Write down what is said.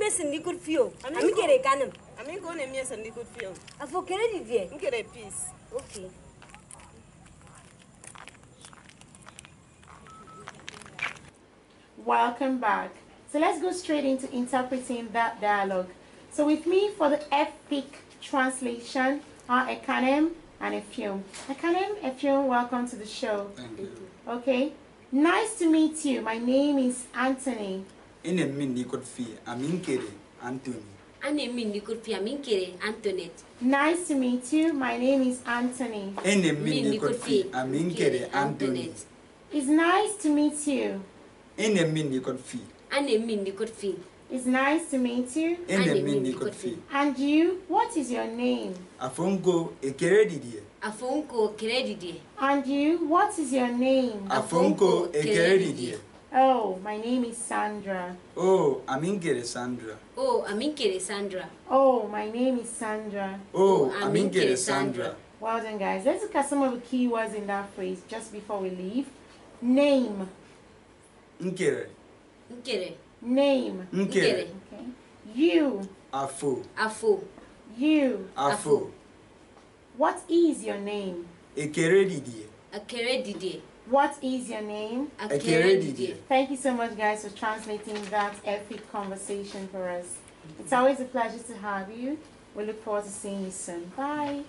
mɛ sindikur fiyewu ami kere kanem ami ko ne mie sindikur fiyewu a fɔ kere di diɛ n kere peace ok Welcome back. So let's go straight into interpreting that dialogue. So with me for the epic translation are Ekanem and Efium. Ekanem, Efium, welcome to the show. Thank you. Okay. Nice to meet you. My name is Anthony ene min ni kot fi amin kere Anthony. Ane min ni kot fi amin kere Antoinette. Nice to meet you. My name is Anthony. Ene min ni kot fi amin kere Antoinette. It's nice to meet you. Ene min ni kot fi. Ane min ni kot fi. It's nice to meet you. Ene min ni kot fi. And you, what is your name? Afongo Ekeredidie. Afonko Ekeredidie. And you, what is your name? Afonko Ekeredidie. Oh, my name is Sandra. Oh, I'm Sandra. Oh, I'm Sandra. Oh, my name is Sandra. Oh, oh I'm Sandra. Well done, guys. Let's look at some of the keywords in that phrase just before we leave. Name. Nkere. Nkere. Name. Nkere. Okay. You. Afu. Afu. You. Afu. What is your name? Ekere Didier. Ekere Didier. What is your name? Akeredidi. Thank you so much, guys, for translating that epic conversation for us. It's always a pleasure to have you. We look forward to seeing you soon. Bye.